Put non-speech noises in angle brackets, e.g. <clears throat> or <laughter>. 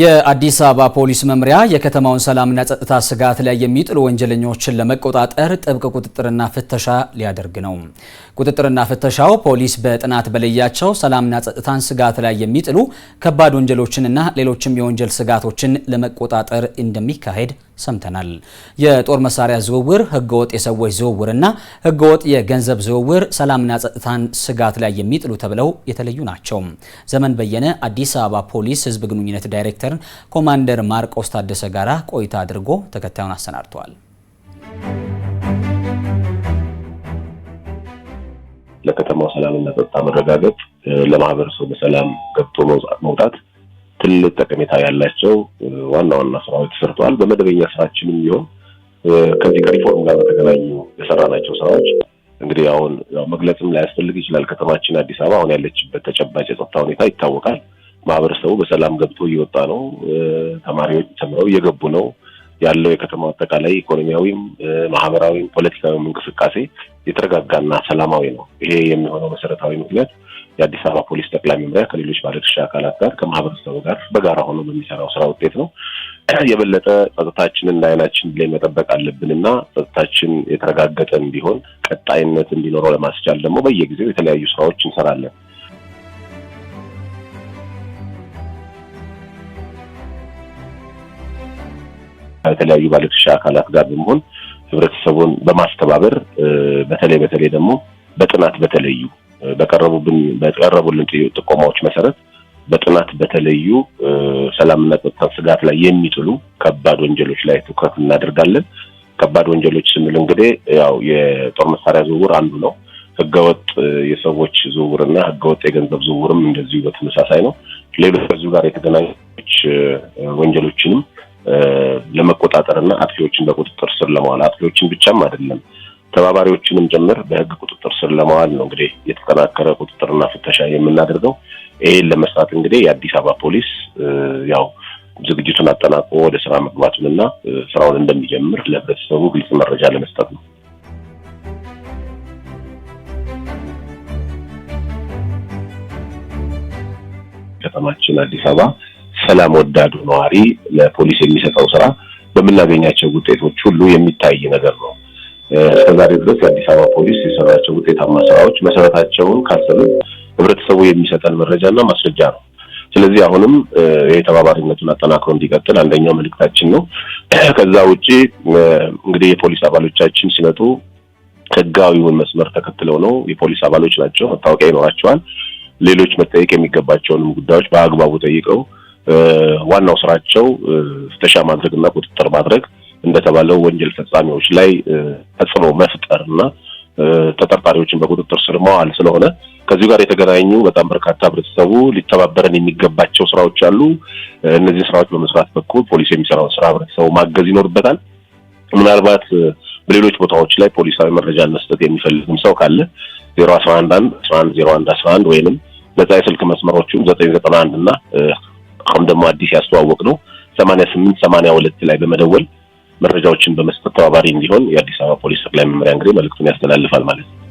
የአዲስ አበባ ፖሊስ መምሪያ የከተማውን ሰላምና ጸጥታ ስጋት ላይ የሚጥሉ ወንጀለኞችን ለመቆጣጠር ጥብቅ ቁጥጥርና ፍተሻ ሊያደርግ ነው። ቁጥጥርና ፍተሻው ፖሊስ በጥናት በለያቸው ሰላምና ጸጥታን ስጋት ላይ የሚጥሉ ከባድ ወንጀሎችንና ሌሎችም የወንጀል ስጋቶችን ለመቆጣጠር እንደሚካሄድ ሰምተናል። የጦር መሳሪያ ዝውውር፣ ህገወጥ የሰዎች ዝውውርና ህገወጥ የገንዘብ ዝውውር ሰላምና ጸጥታን ስጋት ላይ የሚጥሉ ተብለው የተለዩ ናቸው። ዘመን በየነ አዲስ አበባ ፖሊስ ህዝብ ግንኙነት ዳይሬክተር ኮማንደር ማርቆስ ታደሰ ጋራ ቆይታ አድርጎ ተከታዩን አሰናድተዋል። ለከተማው ሰላምና ጸጥታ መረጋገጥ፣ ለማህበረሰቡ በሰላም ገብቶ መውጣት ትልቅ ጠቀሜታ ያላቸው ዋና ዋና ስራዎች ተሰርተዋል። በመደበኛ ስራችንም ቢሆን ከዚህ ከሪፎርም ጋር በተገናኙ የሰራናቸው ስራዎች እንግዲህ አሁን መግለጽም ላያስፈልግ ይችላል። ከተማችን አዲስ አበባ አሁን ያለችበት ተጨባጭ የጸጥታ ሁኔታ ይታወቃል። ማህበረሰቡ በሰላም ገብቶ እየወጣ ነው። ተማሪዎች ተምረው እየገቡ ነው። ያለው የከተማው አጠቃላይ ኢኮኖሚያዊም፣ ማህበራዊም ፖለቲካዊም እንቅስቃሴ የተረጋጋና ሰላማዊ ነው። ይሄ የሚሆነው መሰረታዊ ምክንያት የአዲስ አበባ ፖሊስ ጠቅላይ መምሪያ ከሌሎች ባለድርሻ አካላት ጋር ከማህበረሰቡ ጋር በጋራ ሆኖ በሚሰራው ስራ ውጤት ነው። <clears throat> የበለጠ ጸጥታችንን እንደ አይናችን ላይ መጠበቅ አለብን እና ጸጥታችን የተረጋገጠ እንዲሆን ቀጣይነት እንዲኖረው ለማስቻል ደግሞ በየጊዜው የተለያዩ ስራዎች እንሰራለን። ከተለያዩ ባለድርሻ አካላት ጋር በመሆን ህብረተሰቡን በማስተባበር በተለይ በተለይ ደግሞ በጥናት በተለዩ በቀረቡብን በቀረቡልን ጥቆማዎች መሰረት በጥናት በተለዩ ሰላምና ጸጥታን ስጋት ላይ የሚጥሉ ከባድ ወንጀሎች ላይ ትኩረት እናደርጋለን። ከባድ ወንጀሎች ስንል እንግዲህ ያው የጦር መሳሪያ ዝውውር አንዱ ነው። ህገወጥ የሰዎች ዝውውርና ህገወጥ የገንዘብ ዝውውርም እንደዚሁ በተመሳሳይ ነው። ሌሎች ከዚሁ ጋር የተገናኙ ወንጀሎችንም ለመቆጣጠርና አጥፊዎችን በቁጥጥር ስር ለመዋል አጥፊዎችን ብቻም አይደለም ተባባሪዎችንም ጭምር በህግ ቁጥጥር ስር ለማዋል ነው እንግዲህ የተጠናከረ ቁጥጥርና ፍተሻ የምናደርገው። ይሄን ለመስራት እንግዲህ የአዲስ አበባ ፖሊስ ያው ዝግጅቱን አጠናቆ ወደ ስራ መግባቱንና ስራውን እንደሚጀምር ለህብረተሰቡ ግልጽ መረጃ ለመስጠት ነው። ከተማችን አዲስ አበባ ሰላም ወዳዱ ነዋሪ ለፖሊስ የሚሰጠው ስራ በምናገኛቸው ውጤቶች ሁሉ የሚታይ ነገር ነው። እስከዛሬ ድረስ የአዲስ አበባ ፖሊስ የሰራቸው ውጤታማ ስራዎች መሰረታቸውን ካሰብ ህብረተሰቡ የሚሰጠን መረጃና ማስረጃ ነው። ስለዚህ አሁንም የተባባሪነቱን አጠናክሮ እንዲቀጥል አንደኛው መልእክታችን ነው። ከዛ ውጭ እንግዲህ የፖሊስ አባሎቻችን ሲመጡ ህጋዊውን መስመር ተከትለው ነው። የፖሊስ አባሎች ናቸው፣ መታወቂያ ይኖራቸዋል። ሌሎች መጠየቅ የሚገባቸውንም ጉዳዮች በአግባቡ ጠይቀው ዋናው ስራቸው ፍተሻ ማድረግና ቁጥጥር ማድረግ እንደተባለው ወንጀል ፈጻሚዎች ላይ ተጽዕኖ መፍጠር እና ተጠርጣሪዎችን በቁጥጥር ስር መዋል ስለሆነ ከዚህ ጋር የተገናኙ በጣም በርካታ ህብረተሰቡ ሊተባበረን የሚገባቸው ስራዎች አሉ። እነዚህ ስራዎች በመስራት በኩል ፖሊስ የሚሰራውን ስራ ህብረተሰቡ ማገዝ ይኖርበታል። ምናልባት በሌሎች ቦታዎች ላይ ፖሊሳዊ መረጃ መስጠት የሚፈልግም ሰው ካለ ዜሮ አስራ አንድ አንድ አስራ አንድ ዜሮ አንድ አስራ አንድ ወይንም ነጻ የስልክ መስመሮቹም ዘጠኝ ዘጠና አንድ እና አሁን ደግሞ አዲስ ያስተዋወቅ ነው ሰማንያ ስምንት ሰማንያ ሁለት ላይ በመደወል መረጃዎችን በመስጠት ተባባሪ እንዲሆን የአዲስ አበባ ፖሊስ ጠቅላይ መምሪያ እንግዲህ መልእክቱን ያስተላልፋል ማለት ነው።